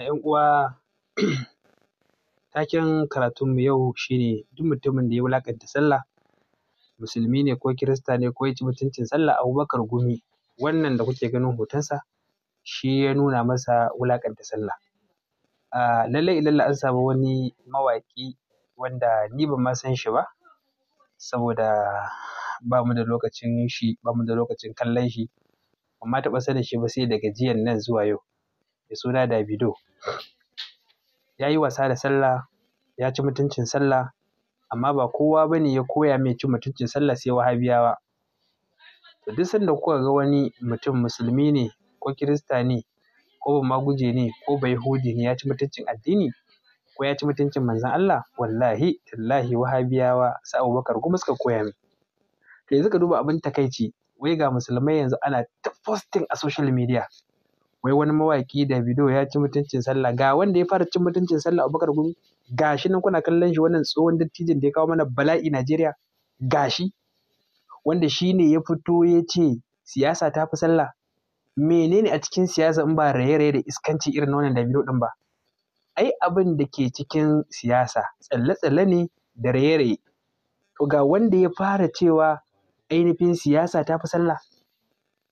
‘Yan uwa, taken karatunmu yau shine duk mutumin da ya wulakanta sallah, musulmi ne ko kirista ne ko ya ci mutuncin sallah, Abubakar Gumi, wannan da kuke ganin hotonsa, shi ya nuna masa wulakanta sallah. A lallai ilalla an samu wani mawaƙi wanda ni ban ma san shi ba, saboda ba mu da lokacin shi, ba mu da lokacin kallon shi, Amma taɓa sanin shi ba sai daga jiyan nan zuwa yau. mai suna Davido. Ya yi wasa da sallah, ya ci mutuncin sallah, amma ba kowa ba ne ya koya mai cin mutuncin sallah sai wahabiyawa. To duk sanda kuka ga wani mutum musulmi ne ko kirista ne ko guje ne ko bayahudi ne ya ci mutuncin addini ko ya ci mutuncin manzon Allah wallahi tallahi wahabiyawa sai Abubakar kuma suka koya mai. To yanzu ka duba abin takaici wai ga musulmai yanzu ana ta posting a social media wai wani mawaƙi Davido ya ci mutuncin sallah ga wanda ya fara cin mutuncin sallah Abubakar Gumi gashi nan kuna kallon shi wannan tsohon dattijin da ya kawo mana bala'i Najeriya gashi wanda shi ne ya fito ya ce siyasa ta fi sallah menene a cikin siyasa in ba raye-raye da iskanci irin wannan Davido din ba ai abin da ke cikin siyasa tsalle-tsalle ne da raye-raye to ga wanda ya fara cewa ainihin siyasa ta fi sallah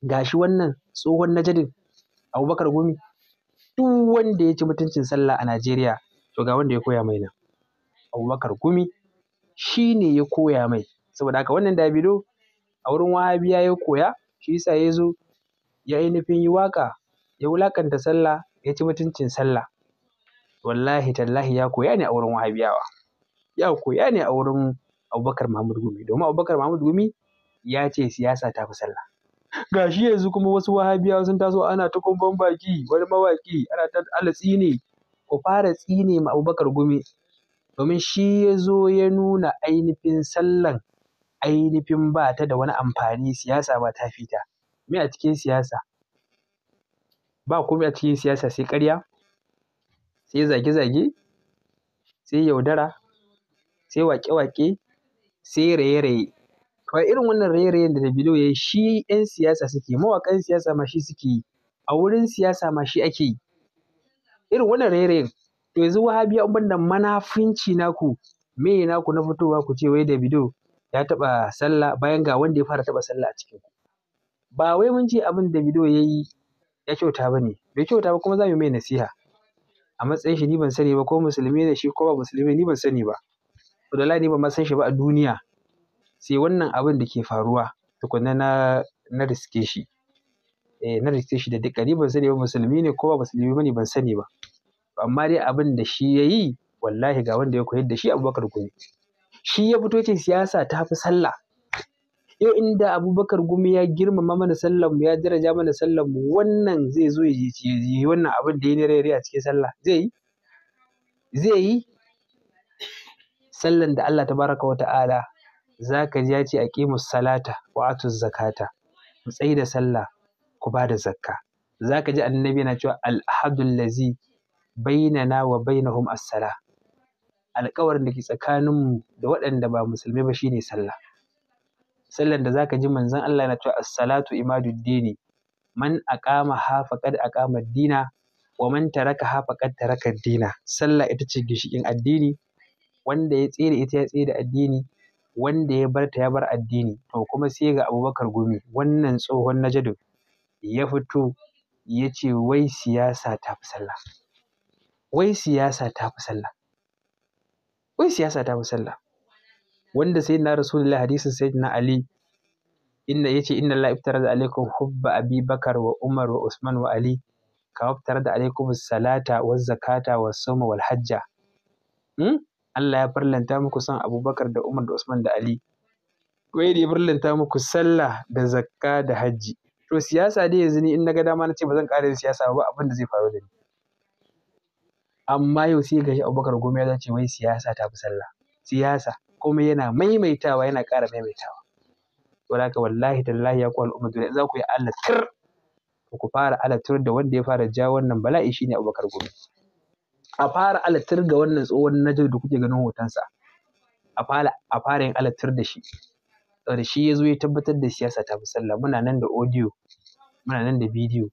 gashi wannan tsohon najadin Abubakar Gumi duk wanda ya ci mutuncin sallah a Najeriya to ga wanda ya koya mai nan Abubakar Gumi shi ne ya koya mai saboda haka wannan Davido a wurin Wahabiya ya koya shi yasa ya zo ya yi nufin yi waƙa ya wulaƙanta sallah ya ci mutuncin sallah wallahi tallahi ya koya ne a wurin Wahabiyawa ya koya ne a wurin Abubakar Mahmud Gumi domin Abubakar Mahmud Gumi ya ce siyasa ta fi sallah ga shi yanzu kuma wasu wahabiyawa sun taso ana ta kumban baki wani mawaki ana ta ala tsine ku fara tsine ma abubakar gumi domin shi ya zo ya nuna ainihin sallan ainihin ba ta da wani amfani siyasa ba ta fita me a cikin siyasa ba komai a cikin siyasa sai ƙarya sai zage-zage sai yaudara sai waƙe-waƙe sai raye-raye To irin wannan rairayin da Davido ya yi shi 'yan siyasa suke, mawaƙan siyasa ma shi suke yi, a wurin siyasa ma shi ake yi. Irin wannan rairayin To yanzu Wahabiya an banda da naku, meye naku na fitowa ku ce wai Davido ya taɓa sallah bayan ga wanda ya fara taɓa sallah a cikinku. Ba wai mun ce abin Davido ya yi ya kyauta ba ne, bai kyauta ba kuma za mu mai nasiha. A matsayin shi ni ban sani ba ko musulmi ne shi ko ba musulmi ni ban sani ba. To wallahi ni ban san shi ba a duniya. sai wannan abin da ke faruwa tukunna na na riske shi eh na riske shi da duk ban sani ba musulmi ne ko ba musulmi bane ban sani ba amma dai abin da shi yayi wallahi ga wanda ya koyar da shi Abubakar Gumi shi ya fito ce siyasa ta fi sallah yau inda Abubakar Gumi ya girmama mana sallar mu ya daraja mana sallar mu wannan zai zo ya yaje wannan abin da ya ne rere a cikin sallah zai yi zai yi sallan da Allah tabaraka wa ta'ala za ka ji ya ce a aqimus salata wa atuz zakata Mu tsayi da sallah ku ba da zakka za ka ji annabi na cewa al'ahadul lazi bainana wa bainahum as-sala alƙawarin da ke tsakaninmu da waɗanda ba musulmi ba shine sallah sallan da zaka ji manzon Allah yana cewa as-salatu imaduddini man aqama ha faqad aqama dina wa man taraka ha faqad taraka dina sallah ita ce gishikin addini wanda ya tsere ita ya tsere addini wanda ya bar ta ya bar addini to kuma sai ga abubakar gumi wannan tsohon na najadin ya fito ya ce wai siyasa ta fi sallah wai siyasa ta fi sallah wai siyasa ta fi sallah wanda sai na rasulullah hadisin sai na ali inda ya ce inna la'iftara da alaikum hubba abi bakar wa umar wa usman wa ali ka waftara da alaikum salata wa zakata wa soma wal hajja hmm? Allah ya farlanta muku son Abubakar da Umar da Usman da Ali wai da ya farlanta muku sallah da zakka da hajji to siyasa dai yanzu ni in naga dama na ce ba zan ƙara yin siyasa ba abin da zai faru da ni amma yau sai gashi Abubakar Gome ya ce wai siyasa ta fi sallah siyasa kuma yana maimaitawa yana ƙara maimaitawa walaka wallahi tallahi ya ku al'umma dole za ku yi tur ku fara alatir da wanda ya fara jawo wannan bala'i shine Abubakar Gome a fara alatar ga wannan tsohon na da kuke ganin hotonsa a fara a fara yin alatar da shi saboda shi ya zo ya tabbatar da siyasa ta fi sallah muna nan da audio muna nan da bidiyo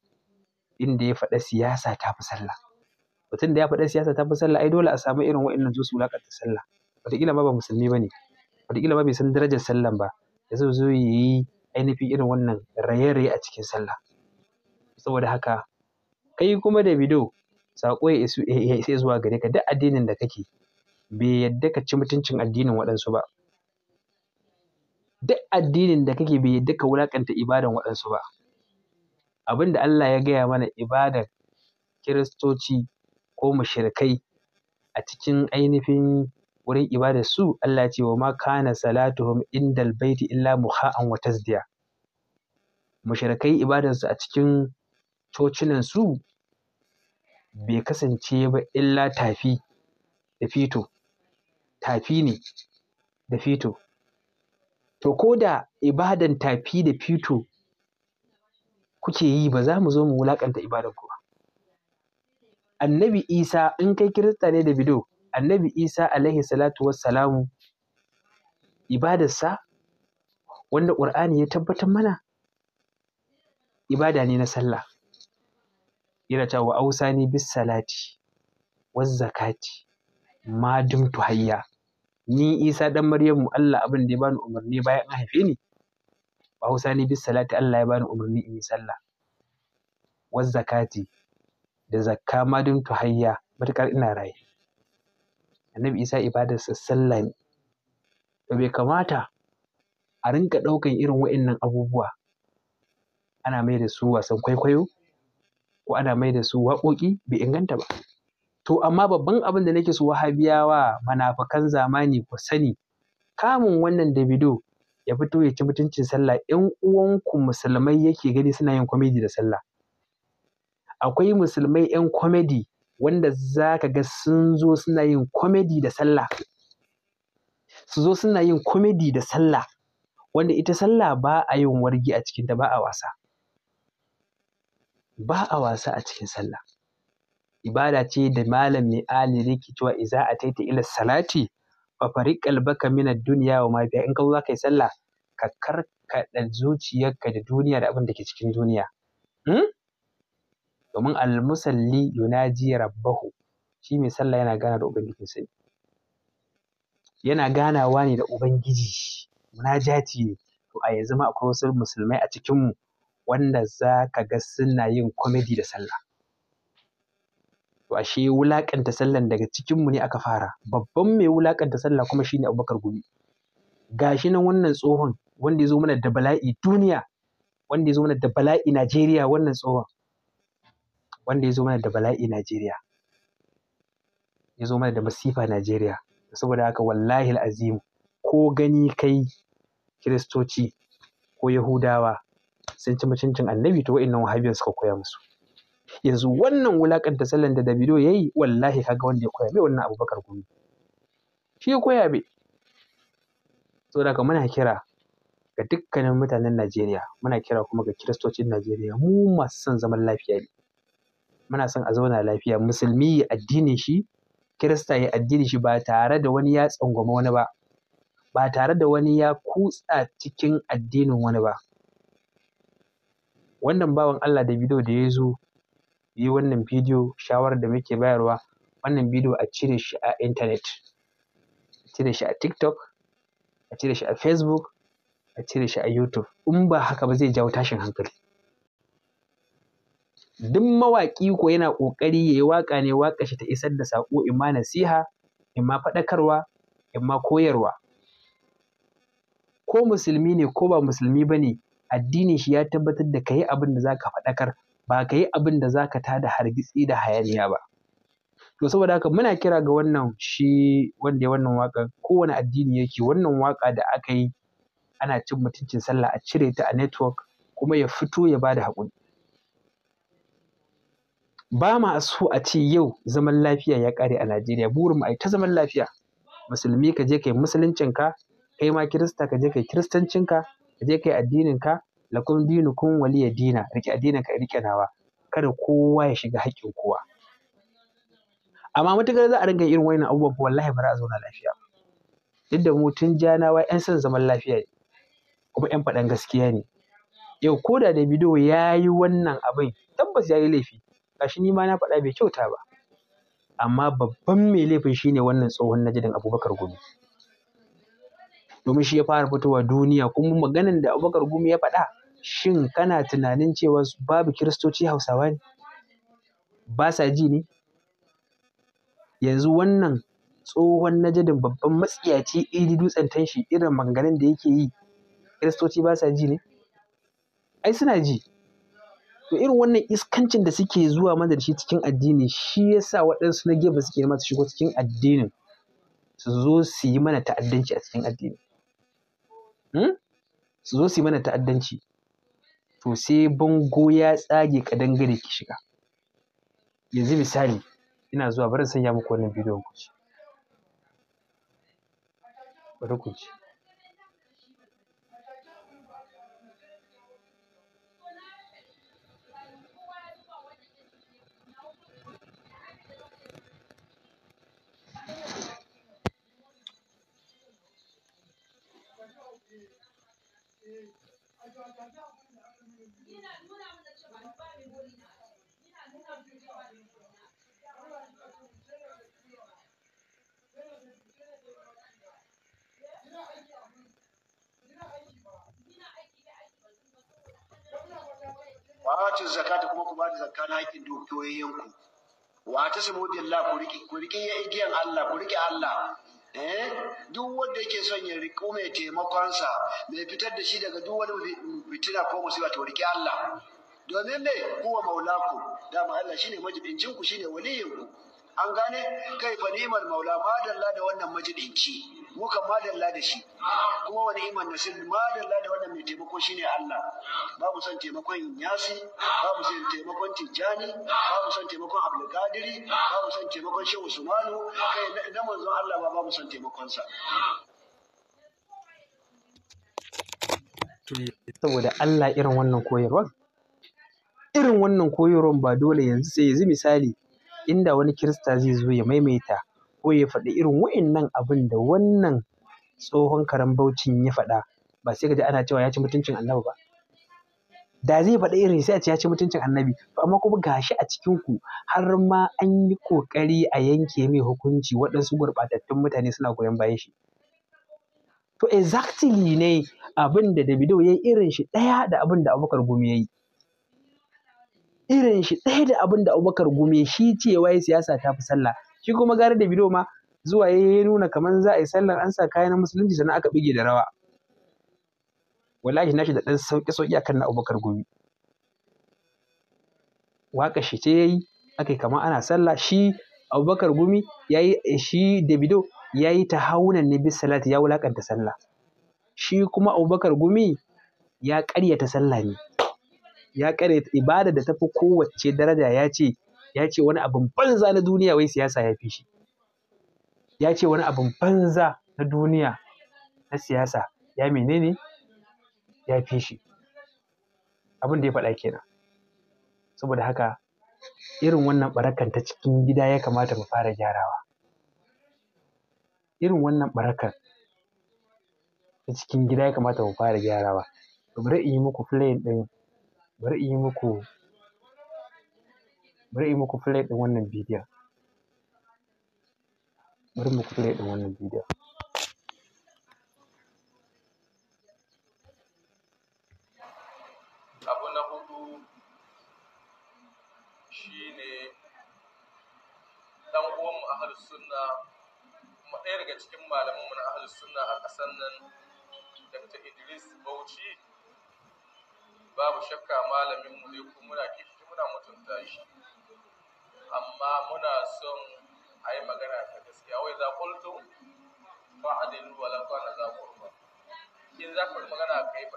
inda ya faɗa siyasa ta fi sallah mutum da ya faɗa siyasa ta fi sallah ai dole a samu irin waɗannan zuwa su ta sallah wataƙila ma ba musulmi ba ne wataƙila ma bai san darajar sallan ba ya zo zo ya yi ainihin irin wannan raye-raye a cikin sallah saboda haka kai kuma da bido saƙo ya isu ya zuwa gare ka duk addinin da kake bai yadda ka ci mutuncin addinin waɗansu ba duk addinin da kake bai yadda ka wulaƙanta ibadan waɗansu ba abin da Allah ya gaya mana ibadar kiristoci ko mushrikai a cikin ainihin wurin ibadar su Allah ce wa ma kana salatuhum indal baiti illa muha'an wa tasdiya mushrikai ibadarsu a cikin cocinan su bai kasance ba illa tafi da fito tafi ne da fito to ko da ibadan tafi da fito kuke yi ba za mu zo mu wulaƙanta ibadan ku ba annabi isa in kai kirista ne da bido annabi isa alaihi salatu wassalamu ibadarsa wanda ƙur'ani ya tabbatar mana ibada ne na sallah yana cewa wa ausani bis salati waz zakati ma dumtu hayya ni Isa dan Maryamu Allah abin da ya bani umarni bayan an haife ni wa ausani bis salati Allah ya bani umarni in yi sallah waz zakati da zakka ma dumtu hayya matukar ina raye Annabi Isa ibadarsa sallah ne to bai kamata a rinka ɗaukan irin wa'annan abubuwa ana mai da su wasan kwaikwayo ko ana mai da su waƙoƙi bai inganta ba to amma babban abin da nake so wahabiyawa manafakan zamani ku sani kamun wannan davido ya fito ya ci mutuncin sallah ƴan uwanku musulmai yake gani suna yin komedi da sallah akwai musulmai ƴan komedi wanda za ka ga sun zo suna yin komedi da sallah su zo suna yin komedi da sallah wanda ita sallah ba a yin wargi a cikinta ba a wasa ba a wasa a cikin sallah ibada ce da malam mai ali ke cewa iza a taita ila salati fa fariq qalbaka min ad-dunya wa ma fiha in ka zo kai sallah ka karkada zuciyarka da duniya da abin da ke cikin duniya hmm? domin al-musalli yunaji rabbahu shi mai sallah yana gana da sai yana ganawa ne da ubangiji munajati ne to a yanzu ma akwai wasu musulmai a cikinmu wanda za ka ga suna yin komedi da sallah to ashe wulakanta sallan daga cikinmu ne aka fara babban mai wulaƙanta sallah kuma shine abubakar gumi gashi nan wannan tsohon wanda ya zo mana da bala'i duniya wanda ya zo mana da bala'i najeriya wannan tsohon wanda ya zo mana da bala'i najeriya ya zo mana da masifa najeriya saboda haka wallahi azim ko gani kai kiristoci ko yahudawa sun ci mutuncin annabi to nan wahabiyan suka koya musu yanzu wannan wulakanta sallan da Davido ya yi wallahi kaga wanda ya koya mai wannan Abubakar Gumi shi ya koya so da ka muna kira ga dukkanin mutanen Najeriya muna kira kuma ga kiristocin Najeriya mu masu son zaman lafiya ne muna son a zauna lafiya musulmi ya addinin shi kirista ya addinin shi ba tare da wani ya tsangwama wani ba ba tare da wani ya kutsa cikin addinin wani ba wannan bawan Allah da bidiyo da ya zo yi wannan bidiyo shawarar da muke bayarwa wannan bidiyo a cire shi a intanet a cire shi a tiktok a cire shi a facebook a cire shi a youtube in ba haka ba zai jawo tashin hankali duk mawaƙi ko yana ƙoƙari ya yi waƙa ne waƙa shi ta isar da saƙo imma nasiha imma faɗakarwa imma koyarwa ko musulmi ne ko ba musulmi ba ne addinin shi ya tabbatar da ka yi abin da za ka faɗakar ba ka yi abin da za ka tada hargitsi da hayaniya ba to saboda haka muna kira ga wannan shi wanda ya wannan waƙar kowane addini yake wannan waƙa da aka yi ana cin mutuncin sallah a cire ta a network kuma ya fito ya bada haƙuri ba ma so a ce yau zaman lafiya ya ƙare a Najeriya burin mu ai ta zaman lafiya musulmi ka je kai ka, kai ma kirista ka je kai ka. ka je kai addinin ka lakum dinukum waliya dina rike addinin ka rike nawa kada kowa ya shiga haƙƙin kowa amma matukar za a ringa irin wannan abubuwan wallahi ba za a zauna lafiya duk da ja tun yan son zaman lafiya ne kuma yan faɗan gaskiya ne yau ko da da bidiyo ya yi wannan abin tabbas ya yi laifi gashi ni ma na faɗa bai kyauta ba amma babban mai laifin shine wannan tsohon najidin abubakar gumi domin shi ya fara fitowa duniya kuma maganan da Abubakar Gumi ya faɗa shin kana tunanin cewa babu kiristoci Hausawa ne ba sa ji ne yanzu wannan tsohon najadin babban matsiyaci idi dutsen tanshi irin maganganun da yake yi kiristoci ba sa ji ne ai suna ji to irin wannan iskancin da suke zuwa mana da shi cikin addini shi yasa waɗansu na gefe suke su shigo cikin addinin su zo su yi mana ta'addanci a cikin addini Hmm? su zo su yi mana ta'addanci to sai bango ya tsage kadangare ki shiga yanzu misali ina zuwa bari sanya muku wannan bidiyon ku ci bari ku Wacin zakata kuma ku da zakka na haƙƙin dukiyoyinku. wata su samu ku riƙe ku riƙe ya igiyan Allah ku riƙe Allah eh duk wanda yake son ya riƙo mai taimakonsa mai fitar da shi daga duk wani fitina ko musiba to riki Allah domin me maula maulaku dama Allah shine majidincin ku shine waliyin ku an gane kai fa maula madalla da wannan majidinci mu kan madalla da shi kuma wani iman nasir madalla da wannan mai taimako shine Allah babu son taimakon yasi babu son taimakon tijjani babu son taimakon ba babu son taimakon shehu usmanu kai na manzo Allah ba babu son taimakon sa saboda Allah irin wannan koyarwar irin wannan koyarwar ba dole yanzu sai yanzu misali inda wani kirista zai zo ya maimaita ko ya faɗi irin wa'innan abun da wannan tsohon karen Baucin ya faɗa ba sai ka ji ana cewa ya ci mutuncin annabi ba. Da zai faɗi irin sai a ce ya ci mutuncin annabi to amma kuma gashi a cikin ku har ma an yi ƙoƙari a yanke mai hukunci waɗansu gurɓatattun mutane suna goyon bayan shi. To exactly ne abin da Davido ya yi irin shi ɗaya da abin da Abubakar Gumi ya yi. Irin shi ɗaya da abin da Abubakar Gumi shi cewa siyasa ta fi sallah shi kuma gare da bido ma zuwa ya nuna kamar za a yi sallar an sa kayan musulunci sannan aka bige da rawa wallahi shi da ɗan sauƙi sauƙi akan na abubakar gumi waƙa shi ce yayi akai kamar ana sallah shi abubakar gumi yayi shi ya yayi ta haunan ne bis salati ya wulakanta sallah shi kuma abubakar gumi ya ƙaryata sallah ne ya ƙaryata ibada da tafi kowace daraja ya ce ya ce wani abin banza na duniya wai siyasa ya fi shi ya ce wani abin banza na duniya na siyasa ya menene ya fi shi abin da ya faɗa kenan saboda haka irin wannan barakan ta cikin gida ya kamata mu fara gyarawa irin wannan barakan ta cikin gida ya kamata mu fara gyarawa bari in yi muku playing ɗin bari in yi muku bari in muku play ɗin wannan bidiyon bari mu play ɗin wannan bidiyon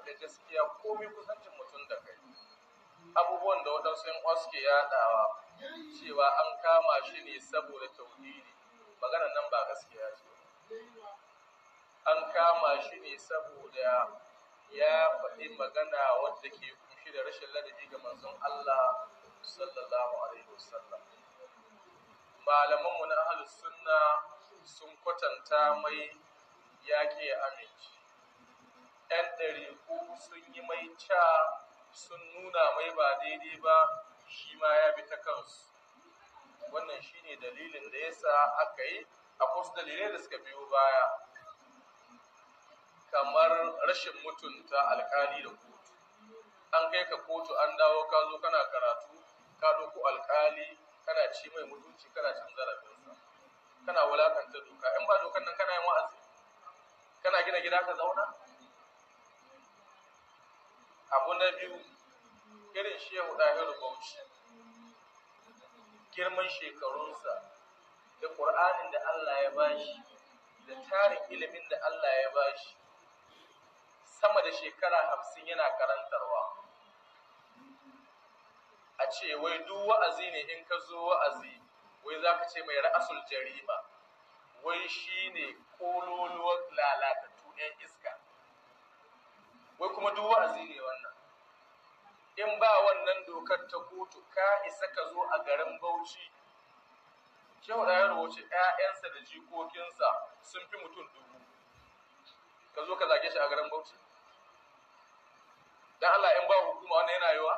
da gaskiya komai kusancin mutum da kai abubuwan da waɗansu yan uwa ya yaɗawa cewa an kama shi ne saboda tauhidi maganar nan ba gaskiya ce an kama shi ne saboda ya faɗi magana wadda ke kunshi da rashin ladabi ga manzon Allah sallallahu alaihi wasallam malamanmu na ahlus sunna sun kwatanta mai yaƙi aminci 'yan ɗariƙu sun yi mai ca sun nuna mai ba daidai ba shi ma ya bi ta kansu wannan shi ne dalilin da ya sa aka yi a wasu dalilai da suka biyo baya kamar rashin mutunta alkali da kotu an kai ka kotu an dawo ka zo kana karatu ka doku alkali kana ci mai mutunci kana cin zarafinsa kana wulakanta doka in ba dokan nan kana yin wa'azi kana gina gida ka zauna abu na biyu irin shehu ɗahiru bauchi girman shekarunsa da ƙur'anin da allah ya bashi da tarin ilimin da allah ya bashi sama da shekara hamsin yana karantarwa a ce wai duk wa'azi ne in ka zo wa'azi wai za ka ce mai ra'asul jarima wai shi ne ƙololuwar lalata 'yan iska wai kuma duk wa'azi ne wannan in ba wannan dokar ta kotu ka isa ka zo a garin bauchi shehu ya rubuce ƴaƴansa da jikokinsa sun fi mutum dubu ka zo ka zage shi a garin bauchi dan Allah in ba hukuma wannan yana yiwa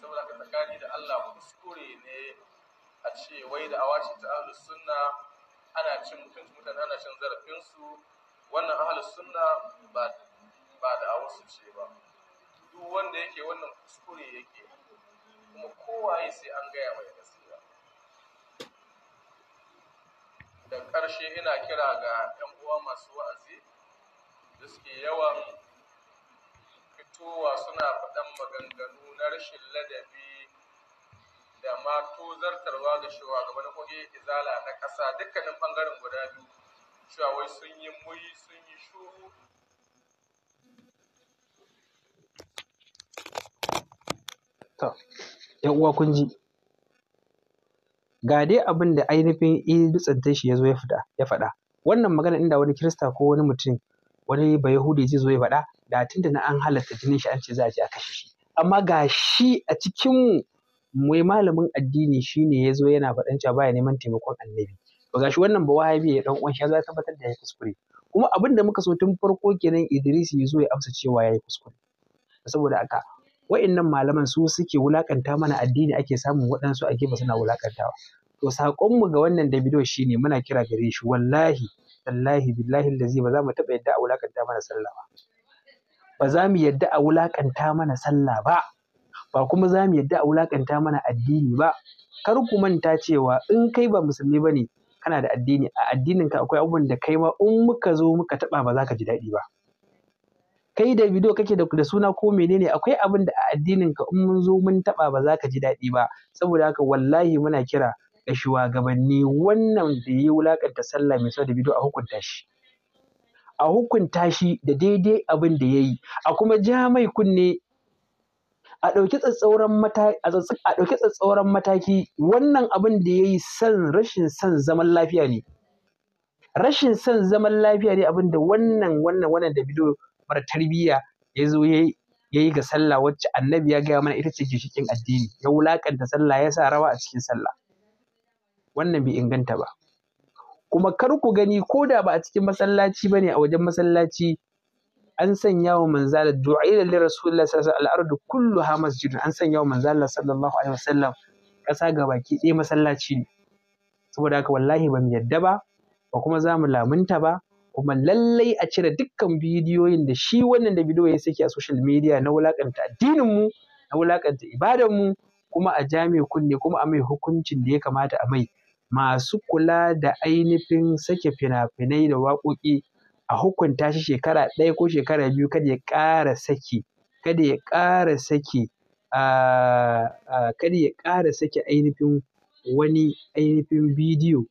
saboda ka tsakani da Allah kuskure ne a ce wai da awashi ta ahlus sunna ana cin mutunci mutane ana cin zarafinsu wannan ahlus sunna ba ba da wasu ce ba duk wanda yake wannan kuskure yake kuma kowaye sai an gaya mai gaskiya da ƙarshe ina kira ga 'yan uwa masu wa'azi da suke yawan fitowa suna faɗan maganganu na rashin ladabi da ma tozartarwa ga shugaban kwage izala na ƙasa dukkanin ɓangaren guda biyu cewa wai sun yi muyi sun yi shuru To, ‘yan uwa kun ji. Ga dai abin da ainihin dutsen shi ya zo ya faɗa. Wannan magana inda wani Kirista ko wani mutum wani Bayahudi zai zo ya faɗa da tun da na an halatta jinin shi an ce za a je a kashe shi. Amma ga shi a cikin mai malamin addini shi ne ya zo yana faɗan cewa baya neman taimakon annabi. To ga shi wannan ba wa ya ɗan uwan shi ya tabbatar da ya kuskure. Kuma abin da muka so tun farko kenan Idris ya zo ya amsa cewa ya yi kuskure. Saboda haka wa'innan malaman su suke wulakanta mana addini ake samun waɗansu a gefe suna wulakantawa to saƙonmu ga wannan Davido ne muna kira gare shi wallahi wallahi, billahi allazi ba za mu taɓa yadda a wulakanta mana sallah ba ba za mu yadda a wulakanta mana sallah ba ba kuma za mu yadda a wulakanta mana addini ba kar ku manta cewa in kai ba musulmi bane kana da addini a addinin ka akwai abubuwan da kai ma in muka zo muka taɓa ba za ka ji daɗi ba kai da bidiyo kake da suna ko menene akwai abin da a addinin ka in mun zo mun taɓa ba za ka ji daɗi ba saboda haka wallahi muna kira ga shugabanni wannan da ya wulakanta sallah mai sau da bidiyo a hukunta shi a hukunta shi da daidai abin da ya yi a kuma ja mai kunne a ɗauki tsatsauran mataki a ɗauki tsatsauran mataki wannan abin da ya yi son rashin son zaman lafiya ne rashin son zaman lafiya ne abin da wannan wannan wannan da bidiyo mara tarbiyya ya zo ya yi ga sallah wacce annabi ya gaya mana ita ce ginshikin addini ya wulaƙanta sallah ya sa rawa a cikin sallah wannan bai inganta ba kuma kar ku gani ko da ba a cikin masallaci ne a wajen masallaci an sanya wa manzala du'a li rasulillahi sallallahu alaihi wasallam al-ardu kulluha masjid an sanya wa manzala sallallahu alaihi wasallam kasa baki ɗaya masallaci ne saboda haka wallahi ba mu yadda ba ba kuma zamu mu lamunta ba kuma lallai a cire dukkan bidiyoyin da shi wannan da bidiyo ya saki a social media na wulakanta addininmu na wulakanta ibadanmu kuma a jami kunne kuma a mai hukuncin da ya kamata a mai masu kula da ainihin sake fina-finai da waƙoƙi a hukunta shi shekara ɗaya ko shekara biyu kada ya ƙara saki kada ya ƙara saki kada ya ƙara saki ainihin wani ainihin bidiyo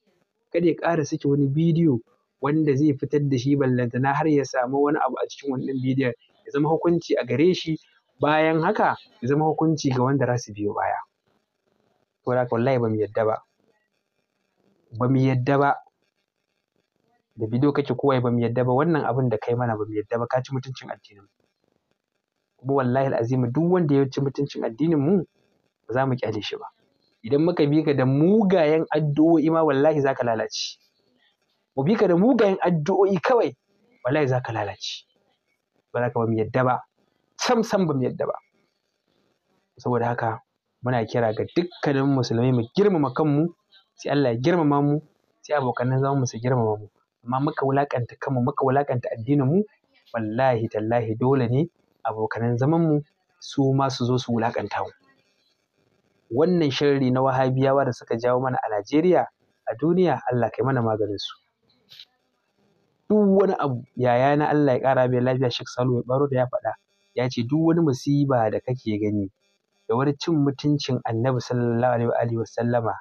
kada ya ƙara saki wani bidiyo wanda zai fitar da shi ballantana har ya samu wani abu a cikin wannan bidiyon ya zama hukunci a gare shi bayan haka ya zama hukunci ga wanda za su biyo baya saboda haka wallahi ba yadda ba ba yadda ba da bidiyo kake kowai ba yadda ba wannan abin da kai mana ba yadda ba ka ci mutuncin addinin kuma wallahi azimi duk wanda ya ci mutuncin addinin mu ba za mu kyale shi ba idan muka bi ka da mugayen addu'o'i ma wallahi za ka lalace mu bi ka da mugayen addu'o'i kawai wallahi za ka lalace ba za ka ba mu yadda ba sam sam ba mu yadda ba saboda haka muna kira ga dukkanin musulmai mu girmama kanmu sai Allah ya girmama mu sai abokanan zaman mu su girmama mu amma muka wulakanta kanmu muka wulakanta addinin mu wallahi tallahi dole ne abokan zaman mu su ma su zo su wulakanta mu wannan sharri na wahabiyawa da suka jawo mana a Najeriya a duniya Allah kai mana maganin su duk wani abu yaya na Allah ya ƙara mai lafiya Sheikh Salo ya baro da ya faɗa ya ce duk wani musiba da kake gani da wani cin mutuncin Annabi sallallahu alaihi wa sallama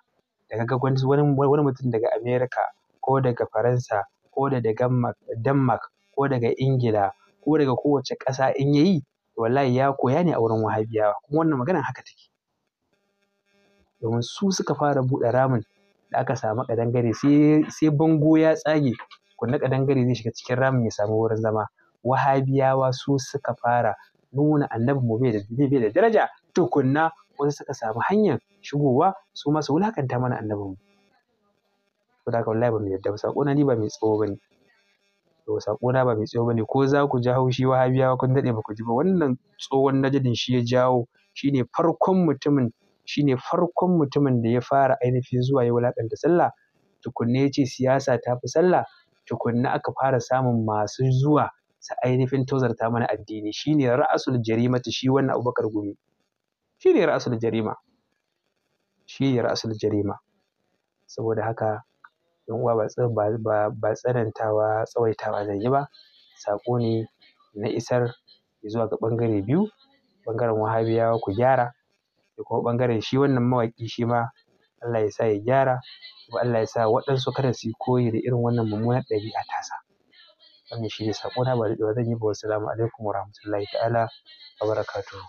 da kaga wani wani mutum daga America ko daga Faransa ko daga Denmark ko daga Ingila ko daga kowace ƙasa in yayi wallahi ya koya ne a wurin wahabiyawa kuma wannan magana haka take domin su suka fara buɗe ramin da aka samu ƙadangare sai bango ya tsage kunne gari zai shiga cikin ramin ya samu wurin zama wahabiyawa su suka fara nuna annabi mu bai da daraja tukunna wasu suka samu hanyar shigowa su masu wulakanta mana annabin mu ko da wallahi ba mu yadda ba sako na ni ba mai tsawo bane to sako na ba mai tsawo bane ko za ku jawo shi wahabiyawa kun dade ba ku ji ba wannan tsohon najadin shi ya jawo shine farkon mutumin shine farkon mutumin da ya fara ainihin zuwa ya wulakanta sallah Tukunne ya ce siyasa ta fi sallah tukunna aka fara samun masu zuwa su ainihin tozarta mana addini shine ra'asul ta shi wannan Abubakar Gumi shine ra'asul jarima shine ra'asul jarima saboda haka yan uwa ba ba tsanantawa tsawaitawa zan yi ba saƙo ne na isar zuwa ga bangare biyu bangaren wahabiyawa ku gyara da kuma ɓangaren shi wannan mawaƙi shi ma Allah ya sa ya gyara to Allah ya sa waɗansu kada su yi koyi da irin wannan mummunar ɗabi'a ta sa. wannan shi ne saƙona ba da zan yi ba wasu alaikum wa rahmatullahi ta'ala wa barakatuhu